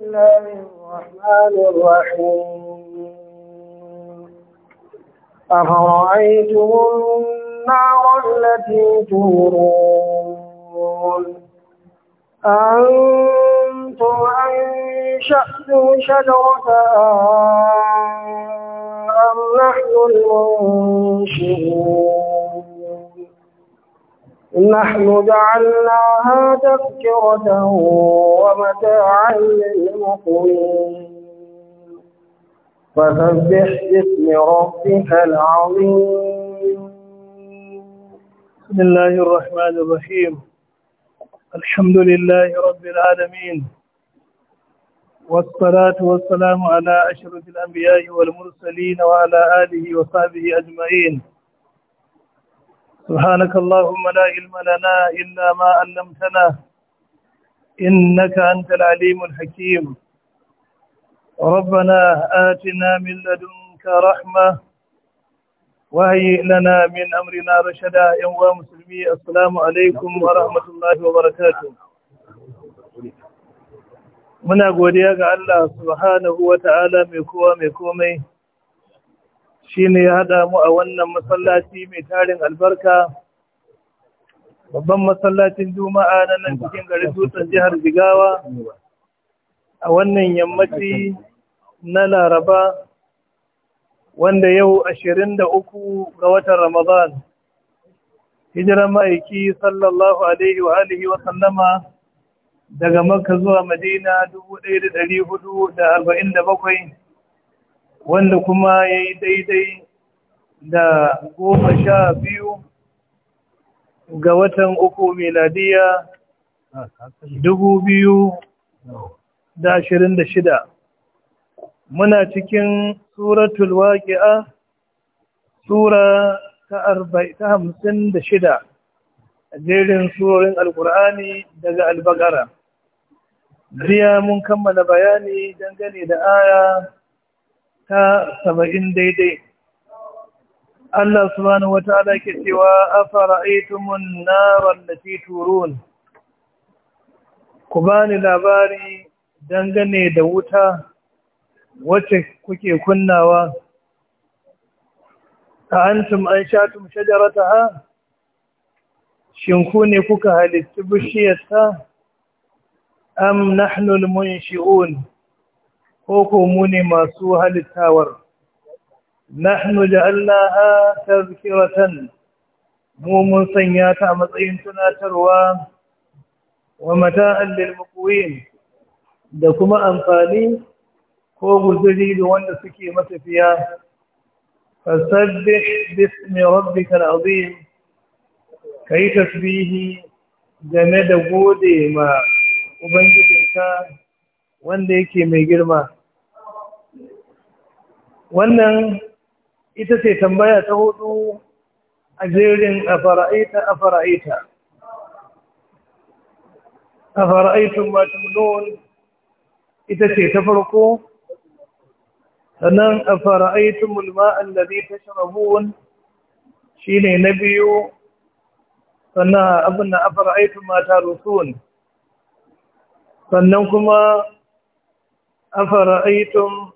الله الرحمن الرحيم أفرأيتم النار التي تورون أنتم أنشأتم شجرتها أم نحن المنشئون نحن جعلناها تذكرة ومتاعا للمقوين فسبح باسم ربك العظيم بسم الله الرحمن الرحيم الحمد لله رب العالمين والصلاة والسلام على أشرف الأنبياء والمرسلين وعلى آله وصحبه أجمعين سبحانك اللهم لا علم لنا إلا ما علمتنا إنك أنت العليم الحكيم ربنا آتنا من لدنك رحمة وهيئ لنا من أمرنا رشدا يا مسلمي السلام عليكم ورحمة الله وبركاته muna godiya ga Allah subhanahu wa ta'ala mai kowa mai komai shi ne ya haɗa mu a wannan masallaci mai tarin albarka babban masallacin juma'a na nan cikin gari dutsen jihar jigawa a wannan yammaci na laraba wanda yau ashirin da uku ga watan ramadan hijiran ma'aiki sallallahu alaihi wa alihi wa sallama daga makka zuwa madina bakwai. wanda kuma ya yi daidai da goma sha biyu ga watan uku miladiya dubu biyu da ashirin da shida muna cikin suratul waƙi'a sura ta hamsin da shida a jerin surorin alkur'ani daga albagara jiya mun kammala bayani dangane da aya ta saba'in daidai Allah subhanahu wata'ala ke cewa a mun na lati turun ku bani labari dangane da wuta wacce kuke kunnawa a antum an shatum shajarataha shin ku ne kuka halittu bishiyarta am nahnul al shi'un ko ko mu ne masu halittawar nahnu ja'alnaha tazkiratan mu mun sanya ta a matsayin tunatarwa wa mata'an lil muqwin da kuma amfani ko guzuri da wanda suke matafiya fasabbih bismi rabbikal Ka yi tasbihi game da gode ma ubangijinka wanda yake mai girma wannan ita ce tambaya ta hudu a jerin afara'ita afara'ita afara'itun matumnon ita ce ta farko sannan afara'itun mulma zai ta shirabun shi ne na biyu sannan abin da afara'itun mata rusun sannan kuma afara'aitun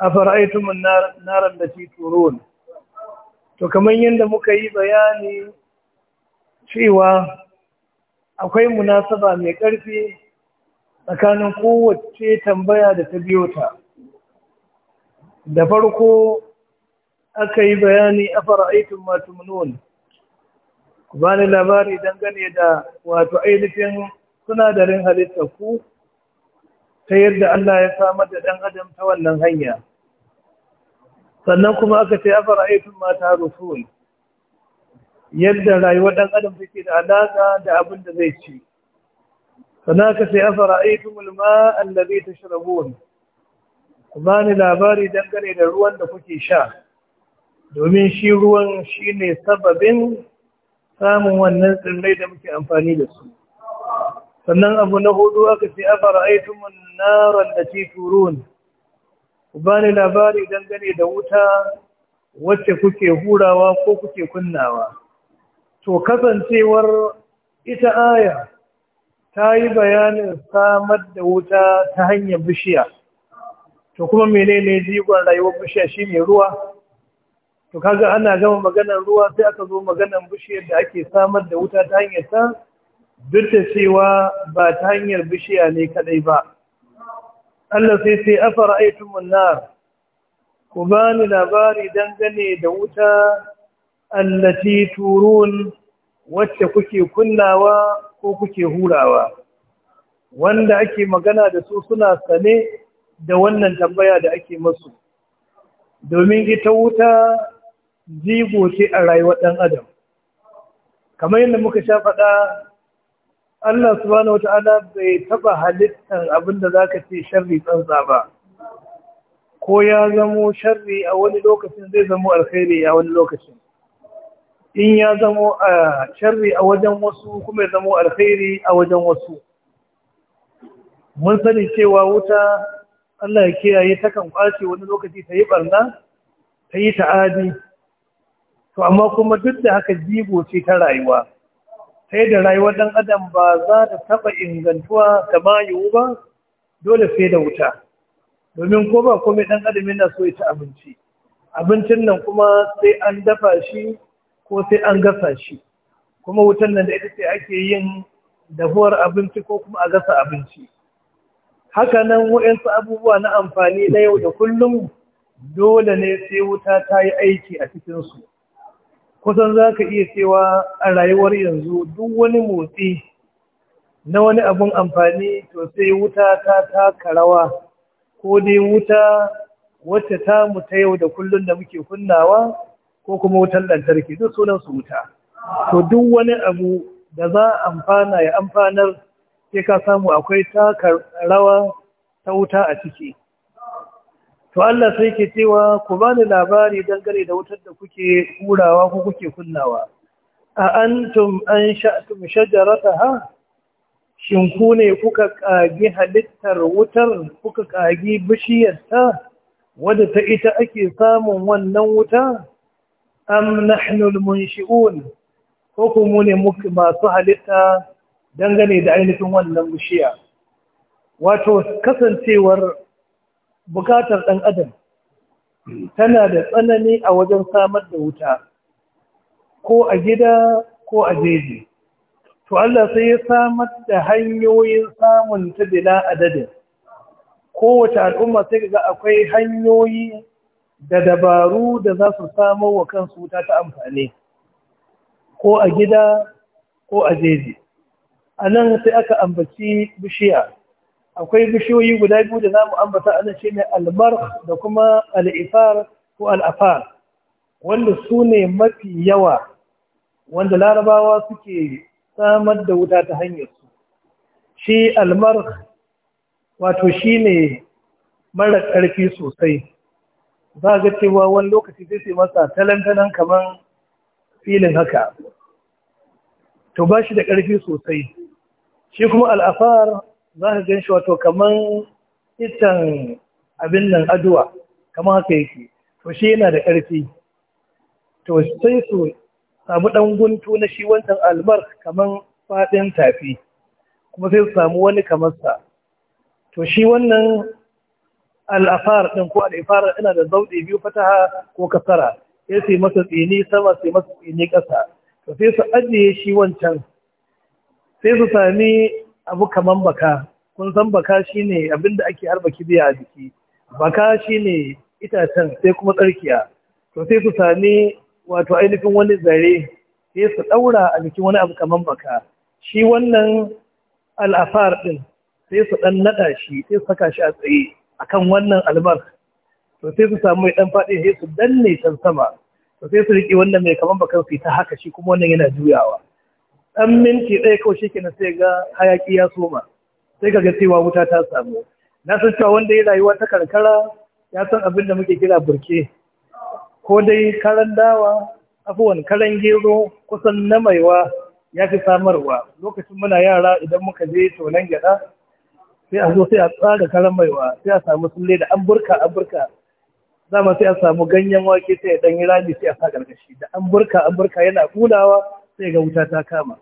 naran da النار turon to kamar yadda muka yi bayani cewa akwai munasaba mai ƙarfi tsakanin kowace tambaya da ta biyo ta da farko aka yi bayani a fara'aitun munon ku ba ni labari dangane da wato ainihin sunadarin halittar ku ta yadda Allah ya samar da ɗan adam ta wannan hanya sannan kuma aka ce fara aitun mata rusul yadda rayuwar ɗan adam take da alaƙa da abin da zai ci sannan aka ce fara aitun mulma allazi ta shirabun kuma ni labari dangane da ruwan da kuke sha domin shi ruwan shi ne sababin samun wannan tsirrai da muke amfani da su sannan abu na hudu aka ce a fara'aitun naran da ce turun ba ni labari dangane da wuta wacce kuke hurawa ko kuke kunnawa to kasancewar ita aya ta yi bayanin samar da wuta ta hanyar bishiya to kuma menene jigon rayuwar bishiya shi ne ruwa to kaga ana gama maganar ruwa sai aka zo maganar bishiyar da ake samar da wuta ta hanyar sa? duk da cewa ba ta hanyar bishiya ne kadai ba Allah sai sai afara nar ku bani labari dangane da wuta allati turun wacce kuke kunnawa ko kuke hurawa wanda ake magana da su suna sane da wannan tambaya da ake masu domin ita wuta jigo ce a rayuwar ɗan adam kamar yadda muka sha faɗa Allah subhanahu wata'ala bai taba halittar abinda zaka ce sharri tsantsa ba ko ya zamo sharri a wani lokacin zai zamo alkhairi a wani lokacin in ya zamo a sharri a wajen wasu kuma ya zamo alkhairi a wajen wasu mun sani cewa wuta Allah ya kiyaye ta kan kwace wani lokaci ta yi barna ta yi ta'adi to amma kuma duk da haka jigo ce ta rayuwa sai da rayuwar ɗan adam ba za ta taɓa ingantuwa ta mayu ba dole sai da wuta domin ko ba komai ɗan adam yana so ya abinci abincin nan kuma sai an dafa shi ko sai an gasa shi kuma wutan nan da ita ce ake yin dahuwar abinci ko kuma a gasa abinci haka nan waɗansu abubuwa na amfani na yau da kullum dole ne sai wuta ta yi aiki a cikinsu kusan za ka iya cewa a rayuwar yanzu duk wani motsi na wani abun amfani to sai wuta ta taka rawa ko dai wuta wacce ta muta yau da kullum da muke kunnawa ko kuma wutar lantarki duk sunan su wuta to duk wani abu da za a amfana ya amfanar sai ka samu akwai taka rawa ta wuta a ciki to Allah sai ke cewa ku bani labari dangane da wutar da kuke hurawa ko kuke kunnawa a antum an sha'tum shajarataha shin ku ne kuka kage halittar wutar kuka kage bishiyarta wadda ta ita ake samun wannan wuta am nahnu almunshi'un ko kuma ne masu halitta dangane da ainihin wannan bishiya wato kasancewar bukatar ɗan adam tana da tsanani a wajen samar da wuta ko a gida ko a jeji to Allah sai ya samar da hanyoyin samun ta bila adadin kowace al'umma sai ga akwai hanyoyi da dabaru da za su samo wa kansu wuta ta amfani ko a gida ko a jeji a nan sai aka ambaci bishiya akwai bishiyoyi guda biyu da zamu ambata ana shi ne albarq da kuma al'ifar ko al'afar wanda su ne mafi yawa wanda larabawa suke samar da wuta ta hanyar su shi almark wato shi ne mara ƙarfi sosai za ga cewa wani lokaci zai sai masa talantanan kamar filin haka to ba shi da ƙarfi sosai shi kuma al'afar za ka gan shi wato kamar itan abin nan aduwa kamar haka yake to shi yana da ƙarfi to sai su samu ɗan guntu na shi wancan almar kamar faɗin tafi kuma sai su samu wani kamar sa to shi wannan al'afar ɗin ko al'afar ina da zauɗe biyu fataha ko kasara sai su yi masa tsini sama su masa tsini ƙasa to sai su ajiye shi wancan sai su sami abu kaman baka kun san baka shine abin da ake harba kibiya a jiki baka shine itacen sai kuma tsarkiya to sai su sami wato ainihin wani zare sai su daura a jikin wani abu kaman baka shi wannan al'afar din sai su dan nada shi sai su saka shi a tsaye akan wannan albar to sai su samu dan faɗi sai su danne can sama to sai su riƙe wannan mai kaman bakan su ta haka shi kuma wannan yana juyawa ɗan minti ɗaya kawai shi kenan sai ga hayaƙi ya soma sai ga cewa wuta ta samu na san cewa wanda ya rayuwa ta karkara ya san abin da muke kira burke ko dai karan dawa afuwan karan gero kusan na maiwa ya fi samarwa lokacin muna yara idan muka je tonan gyaɗa sai a zo sai a tsara karan maiwa sai a samu sulle da an burka an burka zama sai a samu ganyen wake sai ya ɗan yi rami sai a sa ƙarƙashi da an burka an burka yana ƙulawa sai ga wuta ta kama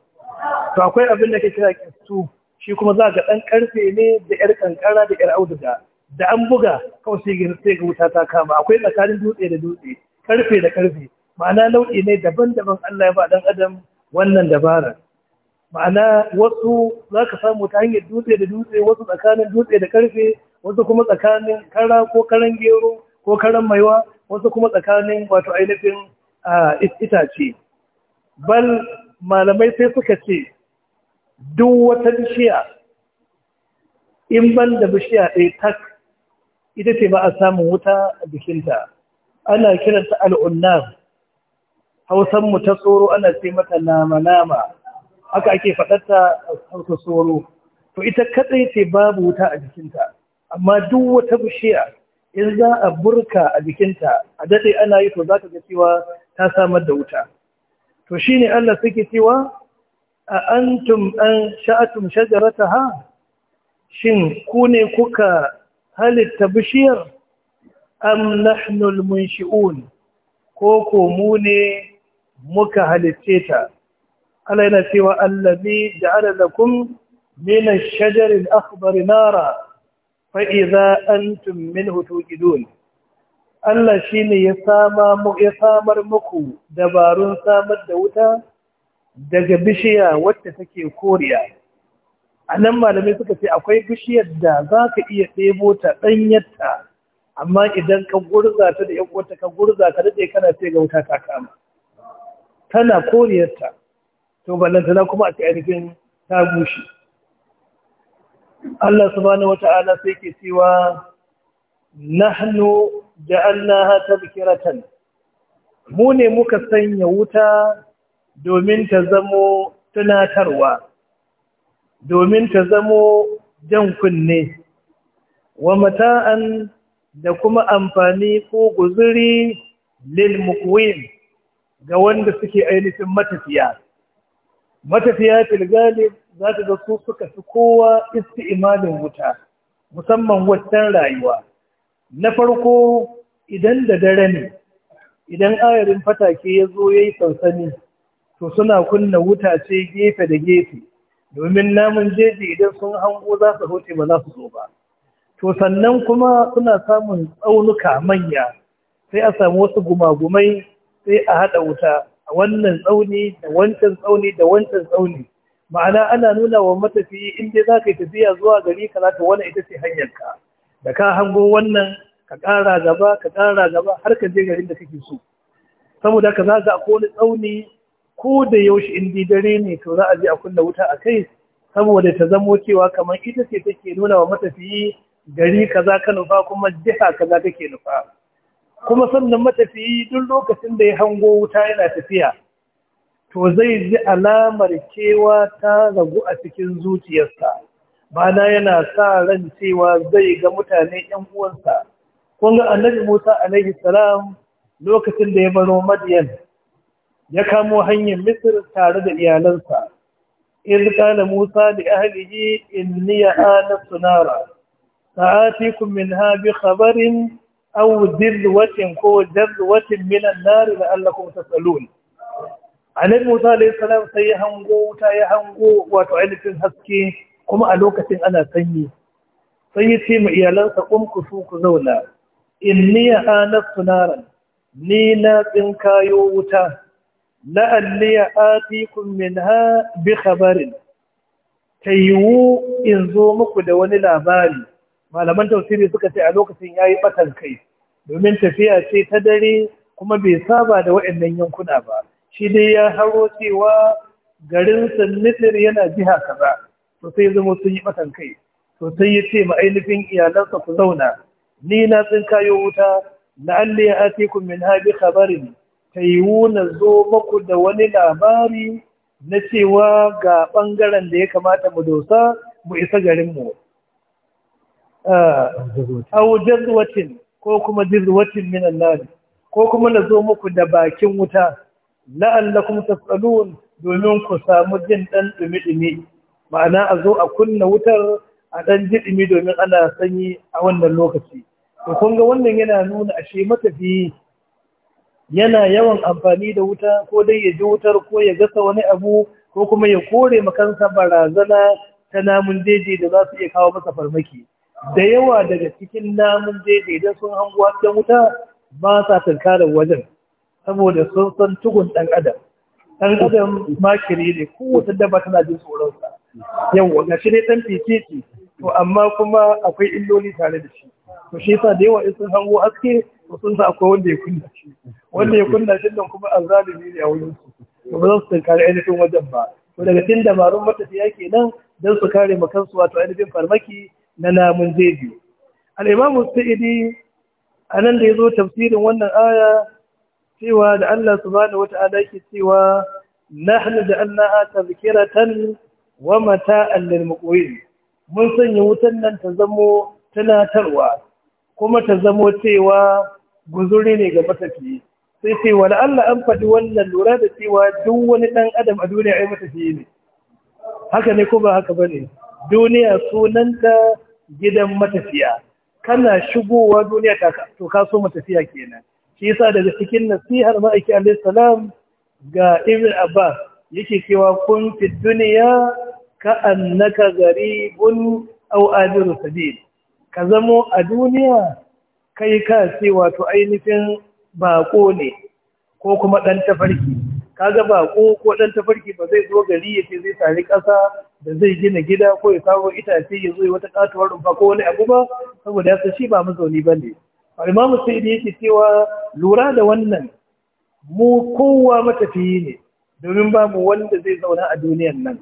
to akwai abin da ke kira kistu shi kuma za ga ɗan ƙarfe ne da ƴar ƙanƙara da ƴar auduga da an buga kawai sai ga wuta ta kama akwai tsakanin dutse da dutse ƙarfe da ƙarfe ma'ana nau'i ne daban-daban Allah ya ba ɗan adam wannan dabarar ma'ana wasu za ka samu ta hanyar dutse da dutse wasu tsakanin dutse da ƙarfe, wasu kuma tsakanin kara ko karan gero ko karan maiwa wasu kuma tsakanin wato ainihin ah, itace bal malamai sai suka ce duk wata bishiya in ban da bishiya ɗaya tak ita ce ba a samun wuta a jikinta ana kiranta al'unnar mu ta tsoro ana ce mata nama-nama haka ake faɗarta a hausa tsoro to ita kaɗai ce babu wuta a jikinta amma duk wata bishiya in za a burka a jikinta a daɗe ana yi to za ka ga cewa ta samar da wuta to shine Allah suke cewa a antum an sha'atum shajarataha shin ku ne kuka halitta bishiyar am nahnul munshi'un ko ko mu ne muka halitce ta Allah yana cewa allazi ja'ala lakum min ash-shajari al-akhdar nara fa antum minhu tuqidun Allah shi ne ya samar muku dabarun samar da wuta daga bishiya wacce take koriya. A nan malamai suka ce akwai bishiyar da za ka iya ɗebo ta ɗanyarta, amma idan ka gurza ta da ‘yan'uwata ka gurza ka daɗe kana ce ga wuta ta kama. Tana koriyarta, to na kuma a ƙarfin ta gushi. Allah wata ala sai ke cewa nahnu ja'alnaha tadhkiratan mu ne muka sanya wuta domin ta zamo tunatarwa domin ta zamo jan kunne wa mata'an da kuma amfani ko guzuri lil muqwim ga wanda suke ainihin matafiya matafiya tilgalib za ta ga su suka fi kowa isti'imalin wuta musamman waccan rayuwa na farko idan da dare ne idan ayarin fatake ya zo ya yi sansani to suna kunna wuta ce gefe da gefe domin namun jeji idan sun hango za su hoce ba za su zo ba to sannan kuma suna samun tsaunuka manya sai a samu wasu gumagumai sai a haɗa wuta a wannan tsauni da wancan tsauni da wancan tsauni ma'ana ana nuna wa matafiyi inda za ka yi tafiya zuwa gari ka za ta wani ita ce hanyar ka da ka hango wannan ka ƙara gaba ka ƙara gaba har ka je garin da kake so saboda ka za akwai tsauni ko da yaushe in di dare ne to za a je a kunna wuta a kai saboda ta zamo cewa kamar ita ce take nuna wa matafiyi gari kaza ka nufa kuma jiha kaza kake nufa kuma sannan matafiyi duk lokacin da ya hango wuta yana tafiya to zai ji alamar kewa ta ragu a cikin zuciyarsa bana yana sa ran cewa zai ga mutane ƴan uwansa kun ga annabi Musa alaihi salam lokacin da ya baro Madian ya kamo hanyar Misr tare da iyalansa in Musa da ahlihi inni ana sunara sa'atikum minha bi khabarin aw dilwatin ko watin min an-nar la'allakum tasalun annabi Musa alaihi salam sai hango ta ya hango wato ainihin haske kuma a lokacin ana sanyi sai ya ce iyalansa kum ku su ku zauna inni anastu naran ni na tsinkayo wuta la'alli atikum minha bi habarin? ta yiwu in zo muku da wani labari malaman tausiri suka ce a lokacin ya yi batan kai domin tafiya ce ta dare kuma bai saba da waɗannan yankuna ba shi dai ya haro cewa garin sannitir yana jiha kaza to sai ya zama sun yi ɓatan kai to sai ya ce ma ainihin iyalansa ku zauna ni na kayo wuta alli ya ake ku min habi khabarin ta yiwu na zo maku da wani labari na cewa ga ɓangaren da ya kamata mu dosa mu isa garinmu. Ah, au jazwatin ko kuma jazwatin minan nari ko kuma na zo muku da bakin wuta la'allakum tas'alun domin ku samu jin ɗan ɗumi-ɗumi ma'ana a zo a kunna wutar a ɗan jiɗimi domin ana sanyi a wannan lokaci to kun ga wannan yana nuna ashe matafi yana yawan amfani da wuta ko dai ya ji wutar ko ya gasa wani abu ko kuma ya kore makansa barazana ta namun jeji da za su iya kawo masa farmaki da yawa daga cikin namun jeji idan sun hango hasken wuta ba sa tunkarar wajen saboda sun san tugun ɗan adam ɗan adam makiri ne wata dabba tana jin tsoronsa yawon gashi shi ne ɗan fititi to amma kuma akwai illoli tare da shi to shi yasa da yawa in sun hango aske to sun sa akwai wanda ya kunna shi wanda ya kunna shi don kuma azalimi ne a wurin su to ba za su tunkari ainihin wajen ba to daga cikin dabarun matafiya kenan don su kare makansu wato ainihin farmaki na namun zai al-imam sa'idi anan da ya zo tafsirin wannan aya cewa da Allah subhanahu wata yake cewa da nahnu ta zikiratan wa mata'an lil muqwin mun sanya wutan nan ta zamo tunatarwa kuma ta zamo cewa guzuri ne ga matafiyi sai sai wala Allah an faɗi wannan lura da cewa duk wani dan adam a duniya ai matafiyi ne haka ne ko ba haka bane duniya sunanta gidan matafiya kana shigowa duniya to ka so matafiya kenan shi yasa daga cikin nasihar ma'aiki alayhi salam ga ibn abbas yake cewa kun fi duniya ka'annaka gari aw ajiru sabil ka zamo a duniya kai ka ce wato ainihin bako ne ko kuma ɗan tafarki Ka ga bako ko ɗan tafarki ba zai zo gari ya ce zai tari ƙasa da zai gina gida ko ya kawo itace ya zo wata katuwar rumfa ko wani abu ba saboda yasa shi ba mazauni bane Imamu Sa'idi yake cewa lura da wannan mu kowa matafiyi ne domin ba mu wanda zai zauna a duniyan nan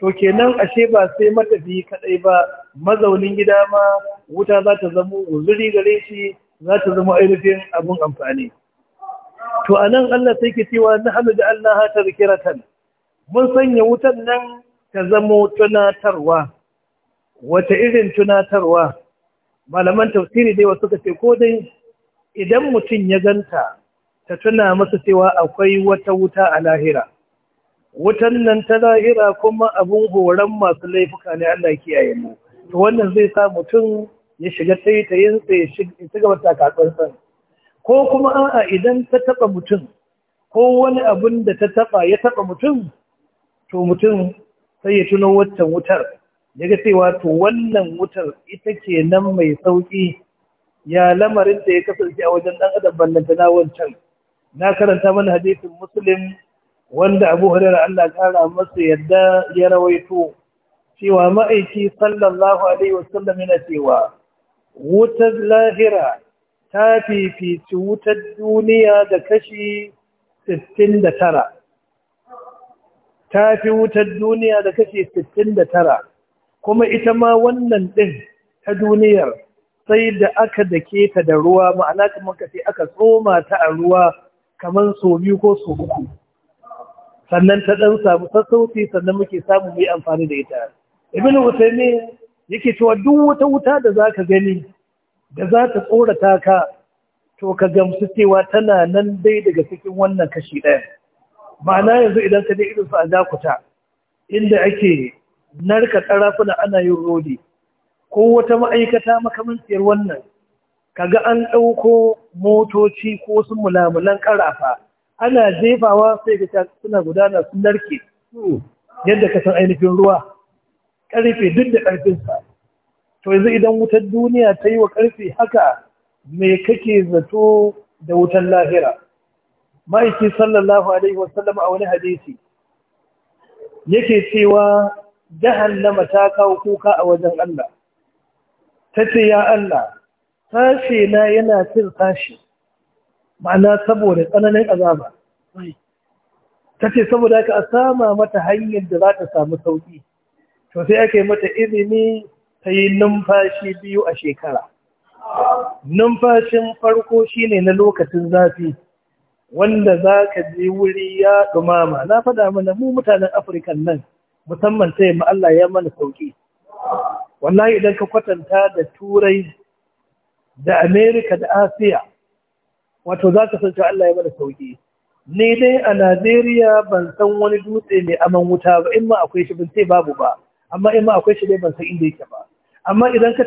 to kenan ashe ba sai matafi kadai ba mazaunin gida ma wuta za ta zama uzuri gare shi za ta zama ainihin abin amfani to a nan Allah sai ke cewa ta rikira tan. mun sanya wutan nan ta zama tunatarwa wata irin tunatarwa malaman tafsiri dai wasu ce ko dai idan mutum ya ganta ta tuna masa cewa akwai wata wuta a lahira wutan nan ta zahira kuma abin horon masu laifuka ne Allah kiyaye mu to wannan zai sa mutum ya shiga yin sa ya shiga wata san, ko kuma a'a idan ta taba mutum ko wani abin da ta taba ya taba mutum to mutum sai ya tuno wancan wutar ya ga cewa to wannan wutar ita ke nan mai sauki ya lamarin da ya kasance a wajen dan adam ban na wancan na karanta mana hadisin muslim wanda abu hurairar Allah kara masa yadda ya rawaito cewa ma'aiki sallallahu alaihi wasallam yana cewa wutar lahira ta fifici wutar duniya da kashi 69 ta fi wutar duniya da kashi 69 kuma ita ma wannan ɗin ta duniyar sai da aka dake ta da ruwa ma'ana kamar kace aka tsoma ta a ruwa kamar sau biyu ko sau uku sannan ta ɗan samu sassauci sannan muke samu mai amfani da ita ibn Hussaini yake cewa duk wata wuta da za ka gani da za ta tsorata ka to ka gamsu cewa tana nan dai daga cikin wannan kashi ɗaya ma'ana yanzu idan ka je irin su a zakuta inda ake narka ƙarafuna ana yin rodi ko wata ma'aikata makamanciyar wannan Ka ga an ɗauko motoci ko wasu mulamulan ƙarafa ana jefawa sai ga suna gudana sun narke hmm. yadda ka san ainihin ruwa karfe duk da ƙarfinsa. to yanzu idan wutar duniya ta yi wa karfe haka mai kake zato da wutar lahira ma'aiki sallallahu alaihi wasallam a wani hadisi yake cewa jahannama ta kawo kuka a wajen Allah ta ce ya Allah sashe na yana cin sashi ma'ana saboda tsananin azaba ta ce saboda aka a sama mata hanyar da za ta samu sauƙi to sai aka yi mata izini ta yi numfashi biyu a shekara numfashin farko shine na lokacin zafi wanda za ka je wuri ya dumama na faɗa mana mu mutanen afirka nan musamman sai ma Allah ya mana sauƙi wallahi idan ka kwatanta da turai da amerika da asiya wato za ka san cewa Allah ya mana sauki ni dai a Najeriya ban san wani dutse mai aman wuta ba in ma akwai shi ban ce babu ba amma in ma akwai shi dai ban san inda yake ba amma idan ka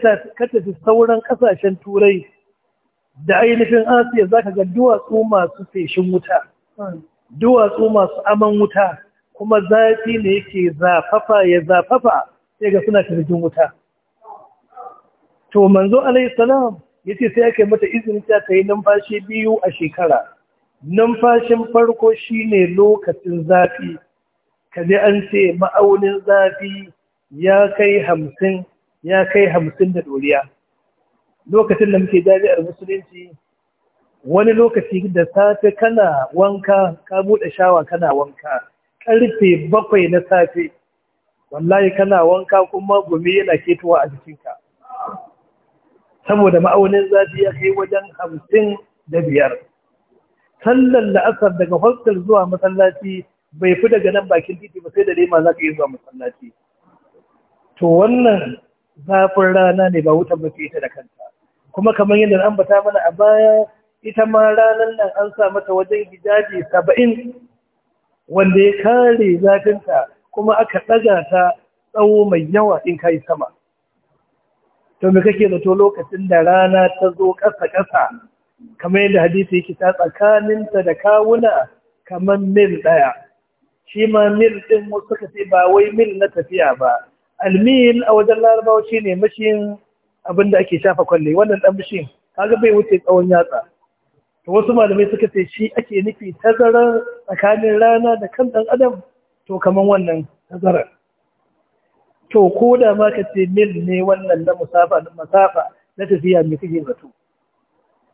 tafi sauran kasashen turai da ainihin asiya za ka ga duwatsu masu feshin wuta duwatsu masu aman wuta kuma zafi ne yake zafafa ya zafafa sai ga suna firgin wuta to manzo alaihi salam ya ce sai aka yi mata izini ta ta yi numfashi biyu a shekara numfashin farko shi ne lokacin zafi kaje an ce ma'aunin zafi ya kai hamsin ya kai hamsin da doriya lokacin da muke jami'ar musulunci wani lokaci da safe kana wanka ka buɗe shawa kana wanka karfe bakwai na safe wallahi kana wanka kuma gumi yana ketowa a jikinka saboda ma'aunin zafi ya kai wajen hamsin da biyar sallar la'asar daga hostel zuwa masallaci bai fi daga nan bakin titi ba sai da lema za ka yi zuwa masallaci to wannan zafin rana ne ba wutan mafi ita da kanta kuma kamar yadda na bata mana a baya ita ma ranar nan an sa mata wajen hijabi saba'in wanda ya kare zafinta kuma aka ɗaga ta tsawo mai yawa in ka yi sama to me kake zato lokacin da rana ta zo ƙasa-ƙasa kamar yadda hadisi yake ta tsakaninta da kawuna kamar mil ɗaya shi ma mil ɗin wasu ka ce ba wai mil na tafiya ba almil a wajen larabawa shi ne mashin abin da ake shafa kwalle wannan ɗan mashin kaga bai wuce tsawon yatsa to wasu malamai suka ce shi ake nufi tazarar tsakanin rana da kan ɗan adam to kamar wannan tazarar to ko da ma ka ce mil ne wannan na musafa na masafa na tafiya mai kake zato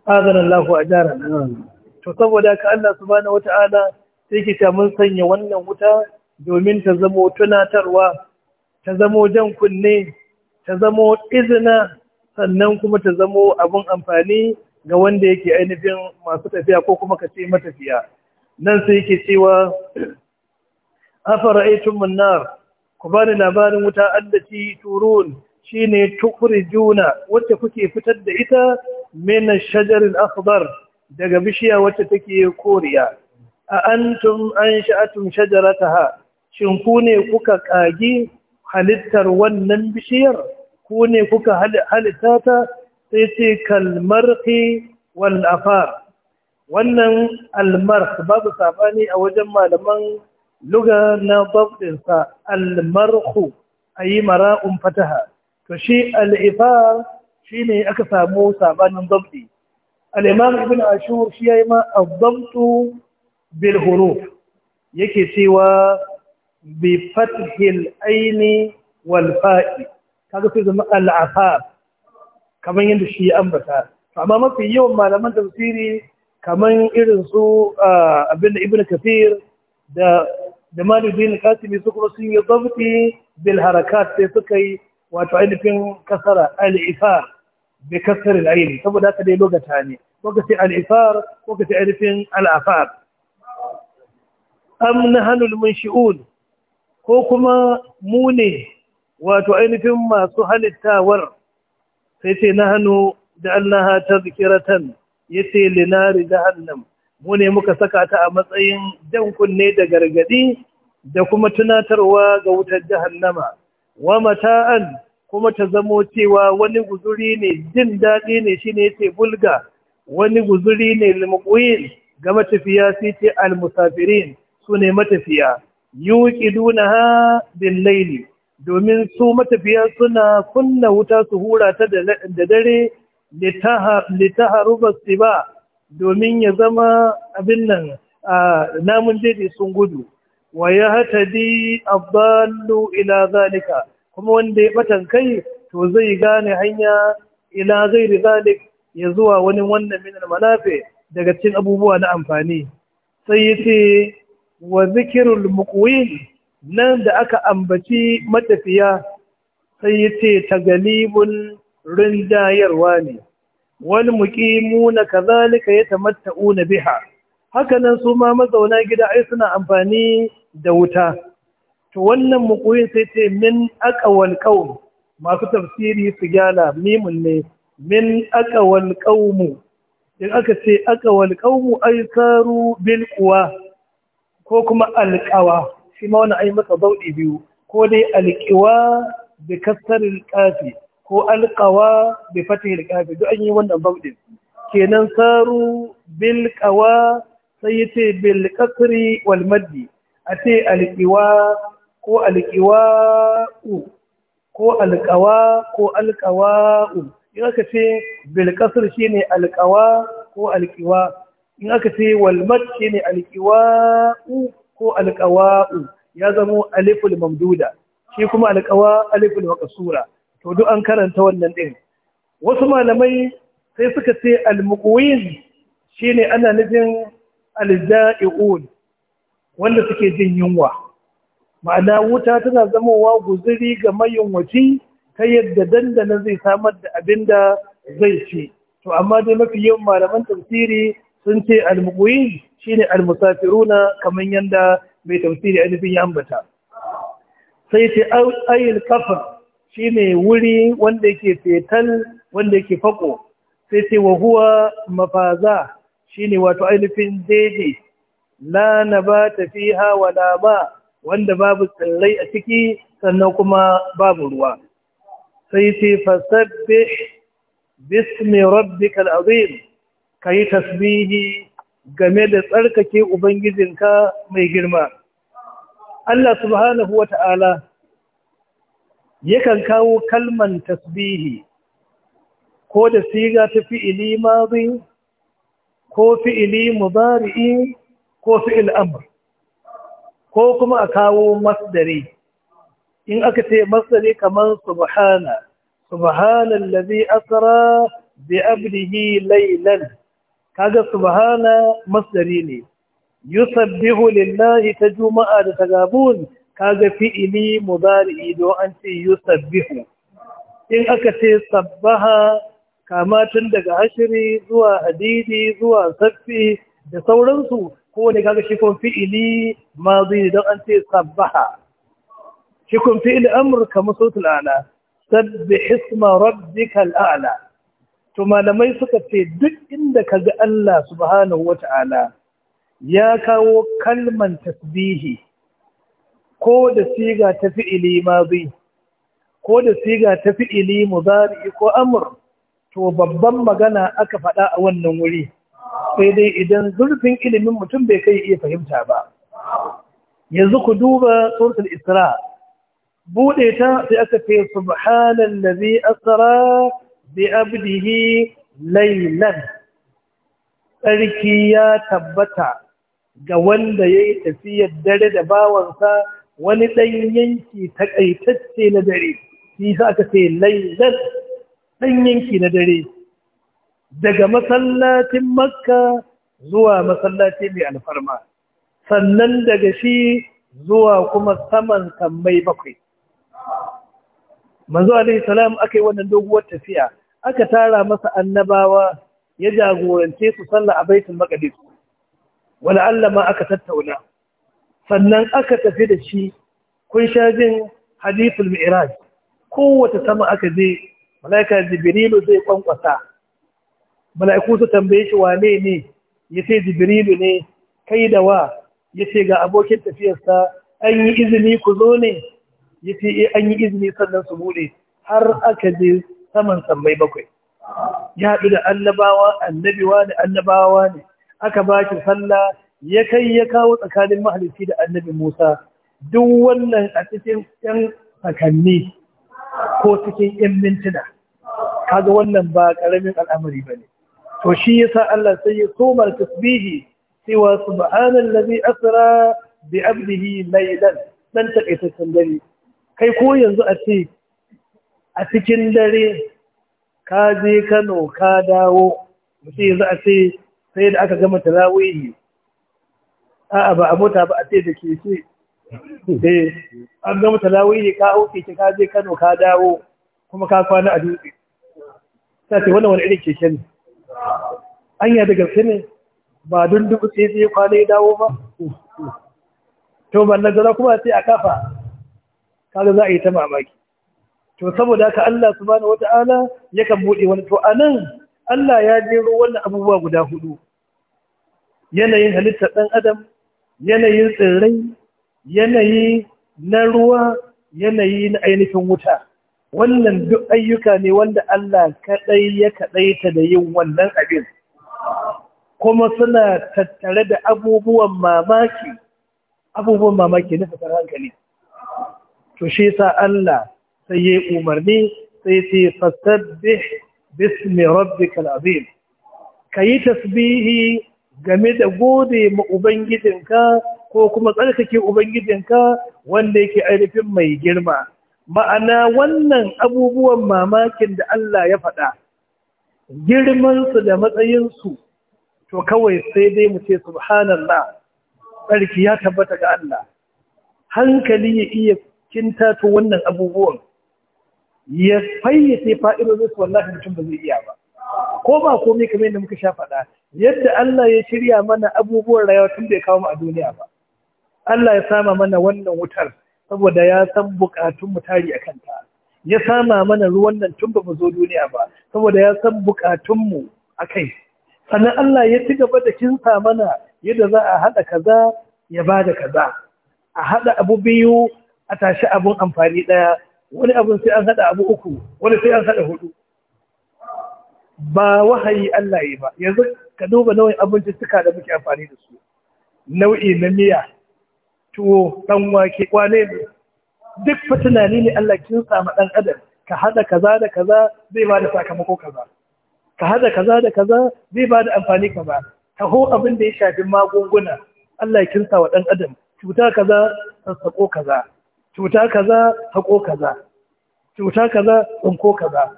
azan Allahu ajara na. to saboda ka Allah subhanahu wata'ala sai ki ta mun sanya wannan wuta domin ta zamo tunatarwa ta zamo jan kunne ta zamo izina sannan kuma ta zamo abun amfani ga wanda yake ainihin masu tafiya ko kuma ka ce matafiya nan sai yake cewa afara'aytum an-nar ku bani labarin wuta allati turun shine tukhrijuna wacce kuke fitar da ita min ash-shajar akhdar daga bishiya wacce take koriya a antum ansha'atum shajarataha shin ku ne kuka kagi halittar wannan bishiyar ku ne kuka halitta ta sai ce kalmarqi wal afar wannan almarq babu sabani a wajen malaman luga na babdinsa almarhu a yi mara'un fataha to shi al'ifar shi ne aka samu sabanin babdi al'imam ibn ashur shi ya yi ma abdamtu bilhuruf yake cewa bi fathil aini walfa'i kaga sai zama al'afar kamar yadda shi ya ambata amma mafi yawan malaman tafsiri kamar irin su ah, abin da ibn kafir da Da jamaluddin kasimi su kuma sun yi zafi bil harakat sai suka yi wato ainihin kasara al'ifar bi kasar al'ayin saboda haka dai lokata ne lokaci al'ifar lokaci ainihin al'afar am na hannun munshi'un ko kuma mu ne wato ainihin masu halittawar sai ce na hannu da allaha ta zikiratan ya ce linari hannun mu ne muka saka ta a matsayin jan kunne da gargadi da kuma tunatarwa ga wutar jahannama wa mata'an kuma ta zamo cewa wani guzuri ne jin daɗi ne shine ce bulga wani guzuri ne limquyin ga matafiya sai ce almusafirin su ne matafiya yuqidunaha bil layli domin su matafiya suna kunna wuta su hura ta da dare litaharuba ba. domin ya zama abin nan a namun daidai sun gudu wa ya hatadi abdallu ila zalika kuma wanda ya batan kai to zai gane hanya ila zai rizalik ya zuwa wani wannan minar manafe daga cikin abubuwa na amfani sai ce wa zikirul muqwin nan da aka ambaci matafiya sai yace tagalibun rindayarwa ne wal muqimuna kadhalika yatamatta'una biha Haka nan su ma mazauna gida ai suna amfani da wuta to wannan muqwi sai ce min aqwal qaum masu tafsiri su gyala mimun ne min aqwal qaum Idan aka ce aqwal qaum ai karu bil quwa ko kuma alqawa shi ma wannan ai masa zaudi biyu ko dai alqiwa bi kasril qafi ko alƙawa bai fata kafi duk an yi wannan babdin kenan saru bilkawa sai yace ce kasri walmadi a ace alqiwa ko u ko alƙawa ko u in aka ce bil shi shine alƙawa ko alqiwa in aka ce shi ne shine u ko u. ya zamo aliful mamduda shi kuma alƙawa aliful makasura to duk an karanta wannan ɗin wasu malamai sai suka ce al-muqwin shine ana nufin alja'iun wanda suke jin yunwa ma'ana wuta tana zamowa guzuri ga mayunwaci ta yadda dandana zai samar da abinda zai ci to amma dai mafi yawan malaman tafsiri sun ce al-muqwin shine almusafiruna kamar yanda mai tafsiri nufin ya ambata sai ce ayil kafar Shi ne wuri wanda yake fetal wanda yake fako sai ce wa huwa mafaza Shi ne wato ainihin daidai Na nabata tafiya wala ba wanda babu tsirrai a ciki sannan kuma babu ruwa sai ce fasabbih bismi kal'azim Ka yi tasbihi game da tsarkake ubangijinka mai girma Allah subhanahu ta'ala. yakan kawo kalman tasbihi ko da siga ta fi'ili madhi ko fi'ili mudari'i ko fi'il amr ko kuma a kawo masdari in aka ce masdari kamar subhana subhana allazi asra bi abdihi laylan kaga subhana masdari ne yusabbihu lillahi ta juma'a da tagabun kaga fi'ili mudari'i do an ce yusabbihu in aka ce sabbaha kama tun daga ashiri zuwa hadidi zuwa safi da sauransu ko ne kaga shi kun fi'ili madi don an ce sabbaha shi kun fi'il amr kama sautul ala sabbih isma rabbikal a'la to malamai suka ce duk inda kaga Allah subhanahu wata'ala ya kawo kalman tasbihi ko da siga ta fi'ili mazi ko da siga ta fi'ili muzari ko amur to babban magana aka faɗa a wannan wuri sai dai idan zurfin ilimin mutum bai kai iya fahimta ba yanzu ku duba suratul isra bude ta sai aka da zai asara bi abdihi lailan tsarki ya tabbata ga wanda ya yi tafiyar dare da bawansa wani ɗan yanki takaitacce na dare shi sa aka ce lailan ɗan yanki na dare daga masallacin makka zuwa masallaci mai alfarma sannan daga shi zuwa kuma saman sammai bakwai manzo alaihi salam aka yi wannan doguwar tafiya aka tara masa annabawa ya jagorance su sallah a baitul maqdis Wani Allah ma aka tattauna sannan aka tafi da shi kun sha jin hadithul mi'raj kowace sama aka je malaika jibrilu zai kwankwasa malaiku su tambaye shi wane ne ya ce jibrilu ne kai da wa ya ce ga abokin tafiyarsa an yi izini ku zo ne ce eh an yi izini sannan su bude har aka je saman sammai bakwai ya haɗu da annabawa annabiwa da annabawa ne aka ba shi sallah ya kai ya kawo tsakanin mahalicci da annabi Musa duk wannan a cikin ‘yan sakanni ko cikin ‘yan mintuna, kaga wannan ba ƙaramin al'amari ba ne. To shi ya sa Allah sai ya soma tasbihi cewa subhanan lazi asra bi abdihi laylan dan takaitaccen dare. Kai ko yanzu a ce a cikin dare ka je Kano ka dawo, sai yanzu a ce sai da aka gama tarawihi a'a ba a mota ba a ce da keke eh an ga mata ne ka auke ki ka je Kano ka dawo kuma ka kwana a dutse ta ce wannan wani irin keke ne an yi da gaske ne ba don dubu sai sai kwana ya dawo ba to ban zara kuma sai a kafa kaga za a yi ta mamaki to saboda haka Allah subhanahu wata'ala yakan bude wani to anan Allah ya jero wannan abubuwa guda hudu yanayin halittar dan adam yanayin tsirrai yanayi na ruwa yanayi na ainihin wuta wannan duk ayyuka ne wanda Allah kaɗai ya kaɗaita da yin wannan abin kuma suna tattare da abubuwan mamaki abubuwan mamaki na fitar hankali to shi sa Allah sai ya umarni sai ce fasabbih bismi rabbikal azim kayi tasbihi game da gode ma ubangijinka ko kuma tsarkake ubangijinka wanda yake ainihin mai girma ma'ana wannan abubuwan mamakin da Allah ya faɗa girmansu da matsayinsu to kawai sai dai mu ce subhanallah tsarki ya tabbata ga Allah hankali ya iya kintato wannan abubuwan ya fayyace fa'idodinsu wallahi mutum ba zai iya ba ko ba komai kamar yadda muka sha faɗa yadda Allah ya shirya mana abubuwan rayuwa tun bai kawo mu a duniya ba Allah ya sama mana wannan wutar saboda ya san bukatun mu tari a kanta ya sama mana ruwan nan tun ba mu zo duniya ba saboda ya san bukatun mu kai. sannan Allah ya ci gaba da kinsa mana yadda za a haɗa kaza ya ba da kaza a haɗa abu biyu a tashi abun amfani ɗaya. wani abun sai an haɗa abu uku wani sai an haɗa hudu ba wahayi Allah yi ba yanzu ka duba nau'in abinci suka da muke amfani da su nau'i na miya tuwo dan wake kwane ne duk fa tunani ne Allah kin samu dan adam ka hada kaza da kaza zai ba da sakamako kaza ka hada kaza da kaza zai ba da amfani kaza taho abin da ya shafi magunguna Allah ya kinsa wa ɗan adam cuta kaza sassako kaza cuta kaza hako kaza cuta kaza tsinko kaza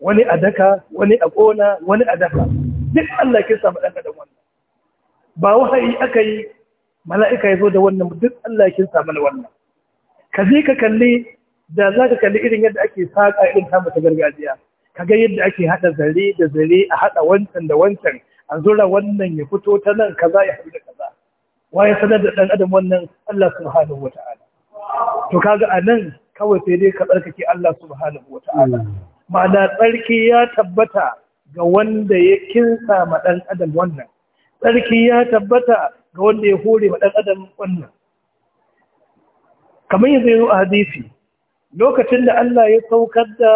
wani a daka wani a ƙona wani a daka duk Allah ke samu ɗan wannan ba wahayi aka yi mala'ika ya zo da wannan duk Allah ke samu da wannan ka je ka kalli da za ka kalli irin yadda ake saƙa irin tamu ta gargajiya ka ga yadda ake haɗa zare da zare a haɗa wancan da wancan a zura wannan ya fito ta nan kaza ya haɗu da kaza ya sanar da ɗan adam wannan Allah subhanahu wa ta'ala to kaga a nan kawai sai dai ka tsarkake Allah subhanahu wa ta'ala hmm. ma'ana tsarki ya tabbata ga wanda ya kinsa ma ɗan adam wannan tsarki ya tabbata ga wanda ya hore ma ɗan adam wannan kamar yanzu yanzu a hadisi lokacin da Allah ya saukar da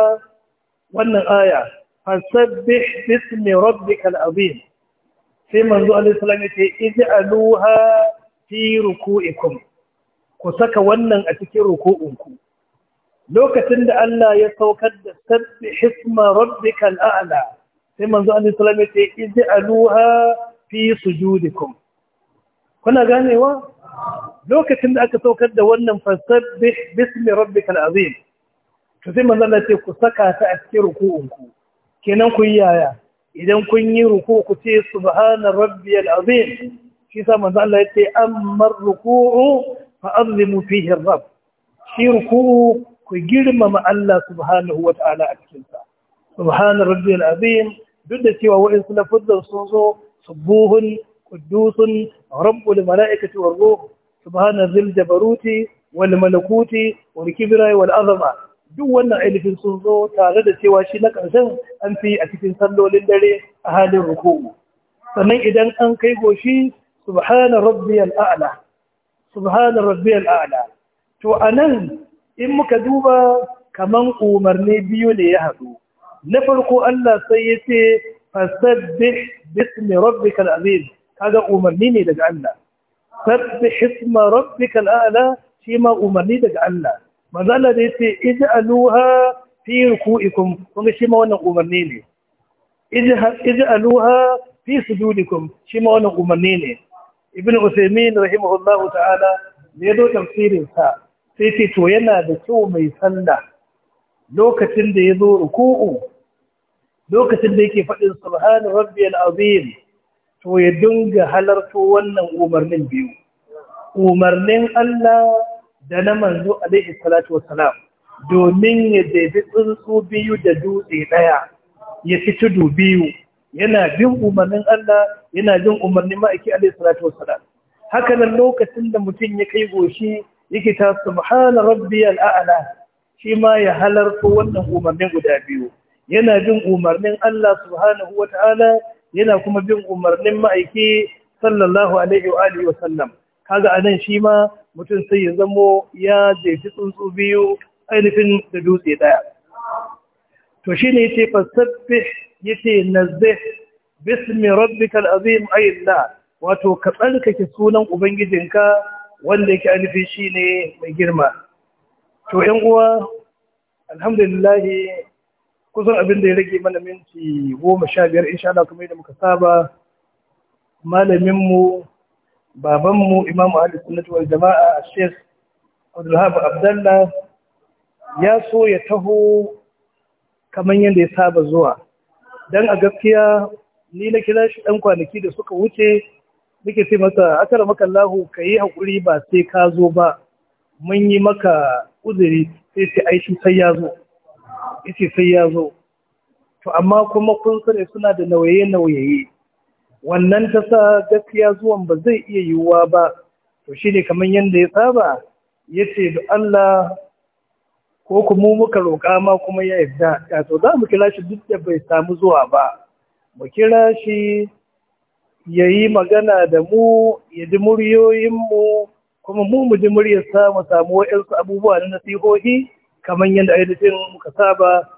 wannan aya fasabbih bismi rabbikal azim sai manzo alaihi salam yace ij'aluha fi ruku'ikum ku saka wannan a cikin ruku'unku lokacin da Allah ya saukar da sabbi hisma rabbikal a'la sai manzo Allah sallallahu alaihi wasallam ya ce ij'aluha fi sujudikum kuna ganewa lokacin da aka saukar da wannan fasabbih bismi rabbikal azim to sai manzo Allah ya ce ku saka ta a cikin ruku'unku kenan ku yaya idan kun yi ruku ku ce subhana rabbiyal azim shi sa manzo Allah ya ce amma ruku'u fa azimu fihi rabb shi ruku'u ku girmama Allah subhanahu wa ta'ala a cikinsa subhana rabbiyal azim duk da cewa waɗansu lafuzzan sun zo subuhun qudusun rabbul mala'ikati war ruh subhana zil jabaruti wal malakuti wal kibirai wal azama duk wannan ainihin sun zo tare da cewa shi na ƙarshen an fi a cikin sallolin dare a halin ruku'u sannan idan an kai goshi subhana rabbiyal a'la subhana rabbiyal a'ala, to nan. in muka duba kaman umarni biyu ne ya haɗu na farko Allah sai ya ce fasabbih bismi rabbikal azim kaga umarni ne daga Allah sabbih isma rabbikal a'la shi ma umarni daga Allah manzo Allah da yace ij'aluha fi ruku'ikum kuma shi ma wannan umarni ne ij'aluha fi sujudikum shi ma wannan umarni ne ibn Uthaymeen rahimahullahu ta'ala ne do tafsirin sa sai ce to yana da kyau mai sanda. lokacin da ya zo ruku'u lokacin da yake faɗin subhanu rabbiyal azim to ya dinga halarto wannan umarnin biyu umarnin Allah da na manzo alaihi salatu wassalam domin ya dabi tsuntsu biyu da dutse ɗaya ya ci tudu biyu yana bin umarnin Allah yana bin umarnin ma'aiki alaihi salatu wassalam haka nan lokacin da mutum ya kai goshi yake ta subhana rabbiyal a'la shi ma ya halarta wannan umarnin guda biyu yana bin umarnin Allah subhanahu wata'ala yana kuma bin umarnin ma'aiki sallallahu alaihi wa alihi wa sallam kaga anan shi ma mutum sai ya zamo ya jefi tsuntsu biyu ainihin da dutse daya to shine yace fasabbih yace nazzih bismi rabbikal azim ayyalla wato ka tsarkake sunan ubangijinka wanda yake ainihin shi ne mai girma to yan uwa alhamdulillah kusan abin da ya rage mana minti goma sha biyar insha Allah kamar yadda muka saba malaminmu babanmu imamu Ali, sunnati wal jama'a sheikh abdulhab abdallah ya so ya taho kamar yadda ya saba zuwa Don a gaskiya ni na kira shi ɗan kwanaki da suka wuce muke ce masa akara maka Allahu ka yi haƙuri ba sai ka zo ba mun yi maka uzuri sai ce ai shi sai ya zo yace sai ya zo to amma kuma kun sani suna da nauye nauye wannan ta sa gaskiya zuwan ba zai iya yiwuwa ba to shine kamar yadda ya saba yace da Allah ko kuma muka roƙa ma kuma ya yarda ya to za mu kira shi duk da bai samu zuwa ba mu kira shi ya yi magana da mu ya ji muryoyinmu kuma mu mu ji muryarsa mu samu wa'insu abubuwa na nasihohi kamar yadda a ainihin muka saba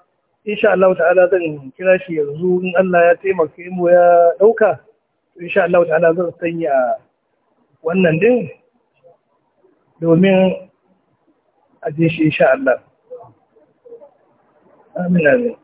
insha Allah ta'ala zan kira shi yanzu in Allah ya taimaka mu ya dauka insha Allah ta'ala zan sanya wannan din domin a je shi insha Allah amin amin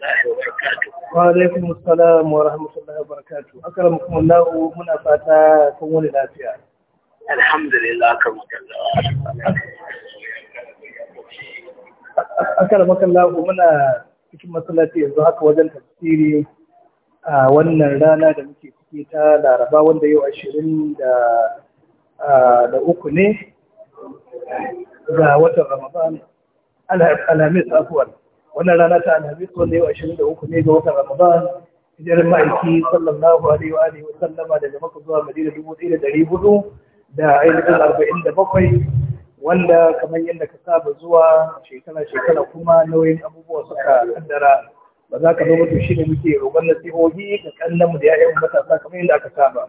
الله وبركاته وعليكم السلام ورحمة الله وبركاته أكرمكم الله منا فاتا كون الآتية الحمد لله أكرمك الله أكرمك الله muna cikin masallaci yanzu haka wajen tafsiri a wannan rana da muke ciki ta laraba wanda yau ashirin da uku ne ga watan ramadan alhamis afuwar wannan rana ta alhamis wanda yau wa da uku ne ga watan ramadan mai ki sallallahu alaihi wa alihi wa sallama daga maka zuwa madina dubu ɗaya da ɗari 47 da ainihin arba'in da wanda kamar yadda ka saba zuwa shekara shekara kuma nauyin abubuwa suka kaddara ba za ka zo mutu shi ne muke roƙon nasihohi ga kallon mu da ya'yan matasa kamar yadda aka saba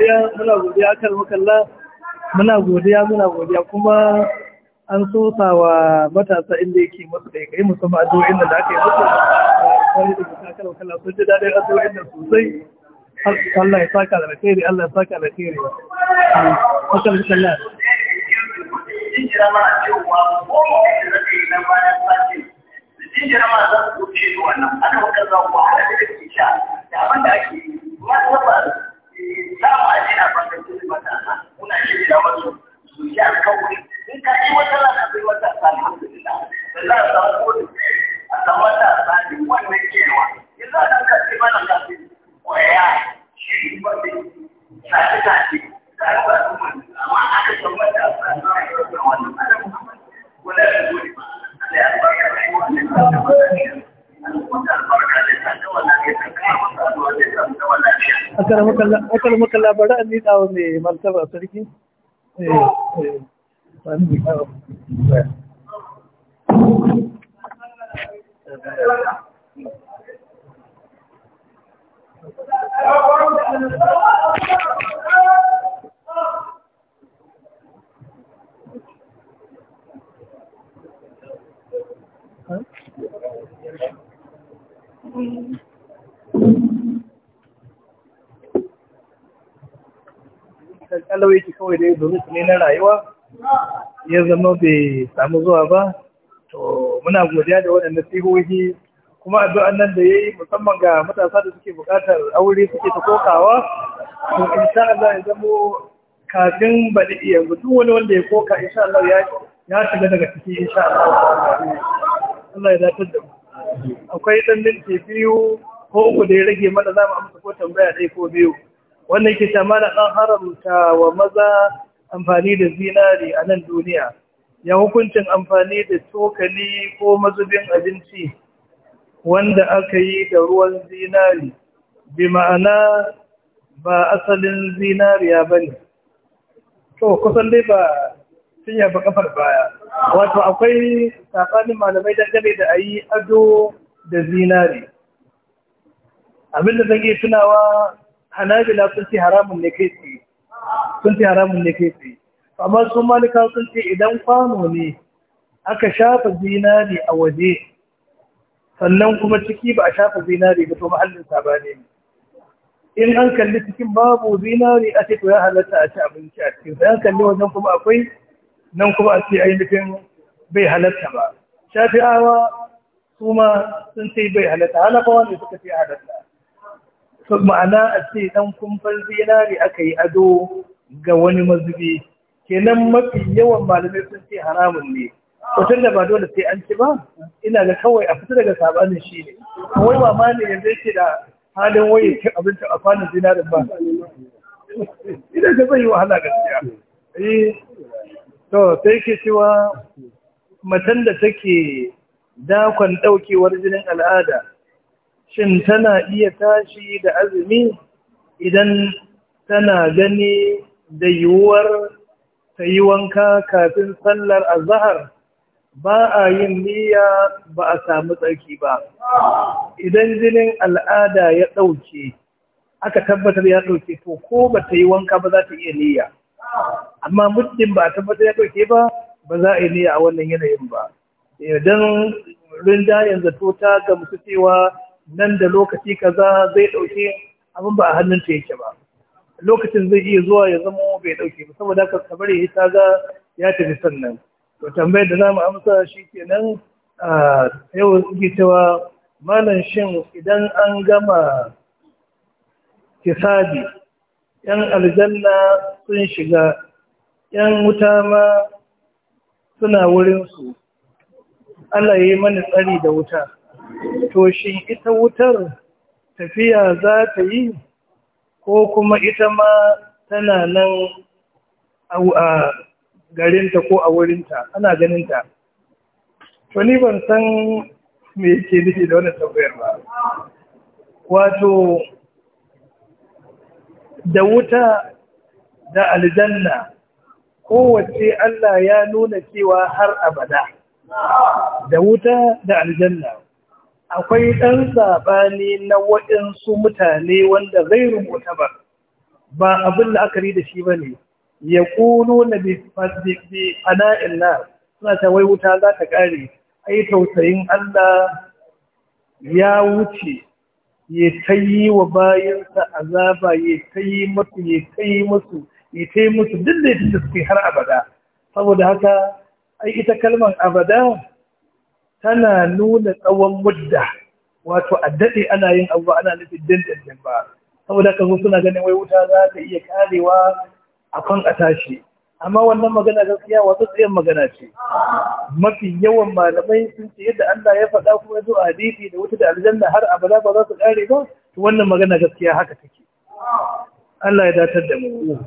godiya muna godiya kan makalla muna godiya muna godiya kuma an sosa wa matasa inda yake masu da ya kai musamman addu'o'in da aka yi musu da makalla sun ji daɗin addu'o'in da sosai Allah ya saka da alheri Allah ya saka da alheri akan makalla ورحمة الله بڑا نیت آوندی ملتب اثر کی ya zama bai samu zuwa ba to muna godiya da waɗannan sihohi kuma addu'an nan da yayi musamman ga matasa da suke buƙatar aure suke ta kokawa to insha Allah ya zama kafin baɗi iya duk wani wanda ya koka insha Allah ya shiga daga ciki insha Allah Allah ya dace da mu akwai ɗan minti biyu ko uku da ya rage mana za mu amsa ko tambaya ɗaya ko biyu wannan ke ta mana ɗan haramta wa maza amfani da zinari a nan duniya ya hukuncin amfani da cokali ko mazubin abinci wanda aka yi da ruwan zinari bi ma'ana ba asalin zinariya ba ne to kusan dai ba sun yaba kafar baya wato akwai tsakanin malamai dangane da a yi ado da zinari abinda zan iya tunawa hanabila sun ce haramun ne kai tsaye sun ce haramun ne kai tsaye amma sun malika sun ce idan kwano ne aka shafa zinari a waje sannan kuma ciki ba a shafa zinari ba to mahallin saba ne in an kalli cikin babu zinari a ce to ya halatta a ci abinci a cikin sai an kalli wajen kuma akwai nan kuma a ce ainihin bai halatta ba shafi'awa su ma sun ce bai halatta halakawa ne suka ce halatta ma'ana a ce ɗan kumfan zinari aka yi ado ga wani mazubi kenan mafi yawan malamai sun ce haramun ne hoton da ba dole sai an ci ba ina ga kawai a fita daga sabanin shi ne wai ba ma ne yanzu yake da halin waye cin abinci a kwanan zinarin ba idan ka zai yi wahala gaskiya eh to sai ke cewa matan da take dakon daukewar jinin al'ada shin tana iya tashi da azumi idan tana gani da yiwuwar ta yi wanka kafin sallar azahar ba a yin niyya ba a samu tsarki ba idan jinin al'ada ya ɗauke aka tabbatar ya ɗauke to ko ba ta yi wanka ba za ta iya niyya amma muddin ba a tabbatar ya ɗauke ba ba za a yi niyya a wannan yanayin ba idan rinjayen zato ta gamsu cewa nan da lokaci kaza zai ɗauke abin ba a ta yake ba lokacin zai iya zuwa ya zama bai ɗauke ba saboda haka ka bari ta ga ya tafi sannan to tambayar da zamu amsa shi kenan a yau suke cewa malam shin idan an gama kisabi yan aljanna sun shiga yan wuta ma suna su. Allah ya yi mana tsari da wuta to shi ita wutar tafiya za ta yi ko kuma ita ma tana nan a garinta ko a wurinta ana ganinta to ni ban san me ke nufi da wannan tafiyar ba wato da wuta da aljanna kowace Allah ya nuna cewa har abada da wuta da aljanna akwai ɗan saɓani na waɗansu mutane wanda zai rubuta ba ba abin la'akari da shi ba ne ya ƙulu na bi fana'in na suna ta wai wuta za ta ƙare ai tausayin Allah ya wuce ya ta yi wa bayansa azaba ya ta yi masu ya ta yi masu ya ta yi masu duk da ya har abada saboda haka ai ita kalmar abada tana nuna tsawon mudda wato a daɗe ana yin abu ana nufin dindindin ba saboda kan suna ganin wai wuta za ta iya karewa a kan a tashi amma wannan magana gaskiya wasu tsayin magana ce mafi yawan malamai sun ce yadda Allah ya faɗa kuma zo a hadisi da wuta da aljanna har abada ba za su kare ba to wannan magana gaskiya haka take Allah ya datar da mu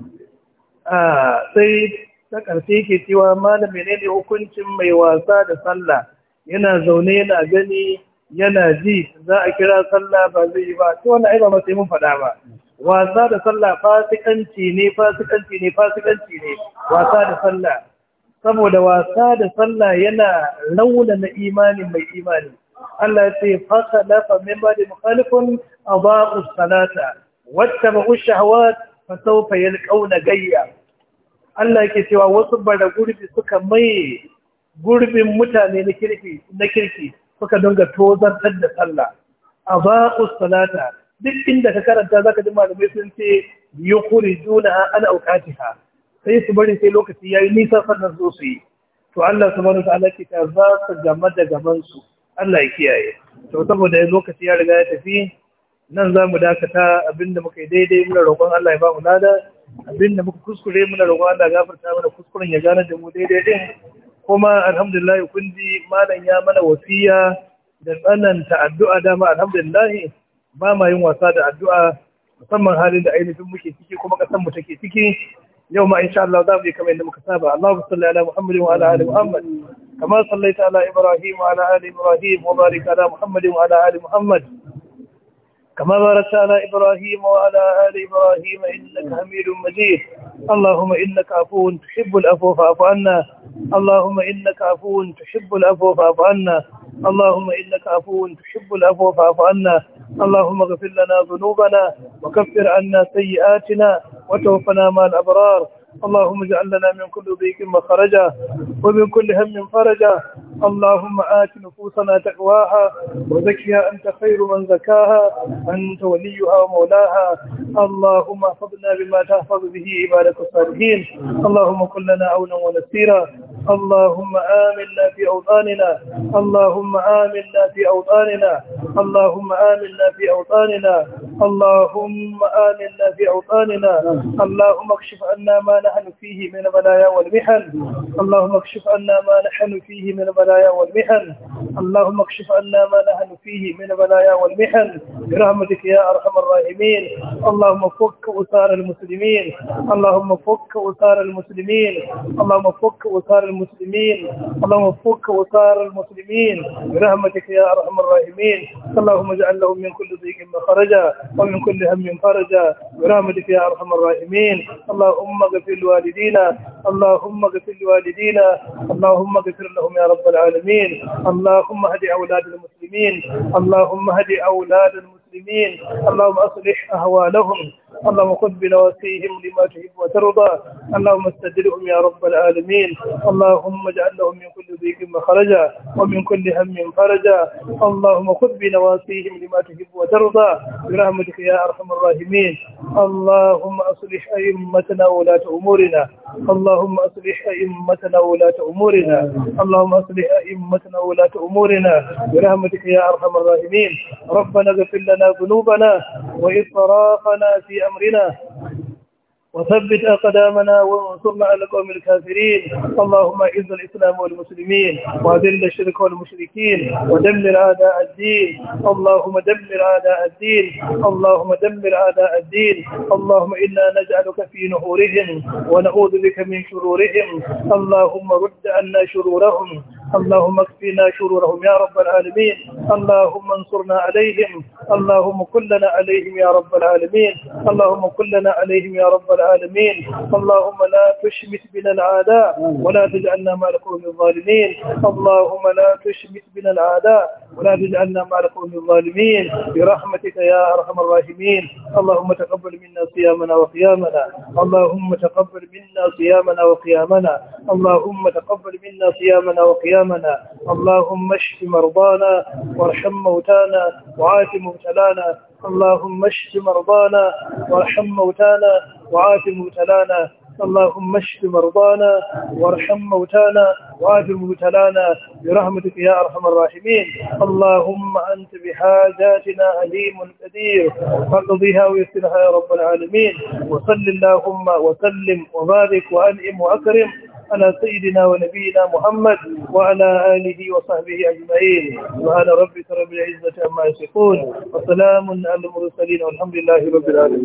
a sai ta ƙarshe yake cewa malam ne hukuncin mai wasa da sallah yana zaune yana gani yana ji za a kira sallah ba zai yi ba to wannan ai ba ma sai mun faɗa ba wasa da sallah fasikanci ne fasikanci ne fasikanci ne wasa da sallah saboda wasa da sallah yana launa na imanin mai imani Allah ce "Fa fasa lafa min ba da mukhalifun aba'u salata wata ba'u shahawat fa sawfa yalqauna gayya Allah yake cewa wasu baragurbi suka mai gurbin mutane na kirki na kirki suka dinga tozartar da sallah aba'u salata duk inda ka karanta zaka ji malamai sun ce yukhrijuna an awqatiha sai su bari sai lokaci yayi nisa sannan zo su yi to Allah subhanahu wa ta'ala ke ta za su gama da gaban Allah ya kiyaye to saboda lokaci ya riga ya tafi nan za mu dakata abinda muka yi daidai muna roƙon Allah ya ba mu lada abinda muka kuskure muna roƙon Allah ya gafarta mana kuskuren ya gane da mu daidai din kuma alhamdulillah kun ji malam ya mana wasiya da tsananta addu'a dama alhamdulillah ba ma yin wasa da addu'a musamman halin da ainihin muke ciki kuma kasan mu take ciki yau ma insha Allah za mu yi kamar yadda muka saba Allahu salli ala Muhammad wa ala ali Muhammad kama sallaita ala Ibrahim wa ala ali Ibrahim wa barik ala Muhammad wa ala ali Muhammad كما باركت على إبراهيم وعلى آل إبراهيم إنك حميد مجيد اللهم إنك عفو تحب العفو فاعف عنا اللهم إنك عفو تحب العفو فاعف عنا اللهم إنك عفو تحب العفو فاعف عنا اللهم اغفر لنا ذنوبنا وكفر عنا سيئاتنا وتوفنا مع الأبرار اللهم اجعل لنا من كل ضيق مخرجا ومن كل هم فرجا اللهم آت نفوسنا تقواها وزكها أنت خير من زكاها أنت وليها ومولاها اللهم احفظنا بما تحفظ به عبادك الصالحين اللهم كن لنا عونا ونسيرا اللهم آمنا في أوطاننا اللهم آمنا في أوطاننا اللهم آمنا في أوطاننا اللهم آمنا في أوطاننا اللهم اكشف عنا ما نحن فيه من البلايا والمحن اللهم اكشف عنا ما نحن فيه من البلايا البلايا والمحن اللهم اكشف عنا ما نحن فيه من البلايا والمحن برحمتك يا ارحم الراحمين اللهم فك اسار المسلمين اللهم فك اسار المسلمين اللهم فك اسار المسلمين اللهم فك اسار المسلمين برحمتك يا ارحم الراحمين اللهم اجعل لهم من كل ضيق مخرجا ومن كل هم فرجا برحمتك يا ارحم الراحمين اللهم اغفر لوالدينا اللهم اغفر لوالدينا اللهم اغفر لهم يا رب العالمين العالمين اللهم اهد أولاد المسلمين اللهم اهد أولاد المسلمين اللهم أصلح أهوالهم اللهم خذ بنواسيهم لما تحب وترضى اللهم استدلهم يا رب العالمين اللهم اجعل لهم من كل ضيق مخرجا ومن كل هم فرجا اللهم خذ بنواسيهم لما تحب وترضى برحمتك يا ارحم الراحمين اللهم اصلح ائمتنا وولاة امورنا اللهم أصلح أئمتنا ولاة أمورنا اللهم أصلح أئمتنا ولاة أمورنا برحمتك يا أرحم الراحمين ربنا اغفر لنا ذنوبنا وإسرافنا في أمرنا وثبت أقدامنا وانصرنا على القوم الكافرين اللهم اعز الإسلام والمسلمين وأذل الشرك والمشركين ودمر أعداء الدين اللهم دمر أعداء الدين اللهم دمر أعداء الدين اللهم إنا نجعلك في نحورهم ونعوذ بك من شرورهم اللهم رد عنا شرورهم اللهم اكفنا شرورهم يا رب العالمين اللهم انصرنا عليهم اللهم كلنا عليهم يا رب العالمين اللهم كلنا عليهم يا رب العالمين اللهم لا تشمت بنا العداء ولا تجعلنا مع القوم الظالمين اللهم لا تشمت بنا العداء ولا تجعلنا مع القوم الظالمين برحمتك يا ارحم الراحمين اللهم تقبل منا صيامنا وقيامنا اللهم تقبل منا صيامنا وقيامنا اللهم تقبل منا صيامنا وقيامنا أيامنا اللهم اشف مرضانا وارحم موتانا وعاف مبتلانا اللهم اشف مرضانا وارحم موتانا وعاف مبتلانا اللهم اشف مرضانا وارحم موتانا وعاف مبتلانا برحمتك يا ارحم الراحمين اللهم انت بحاجاتنا عليم قدير فاقضيها ويسرها يا رب العالمين وصل اللهم وسلم وبارك وانعم واكرم على سيدنا ونبينا محمد وعلى آله وصحبه أجمعين سبحان ربك رب العزة عما يصفون وسلام على المرسلين والحمد لله رب العالمين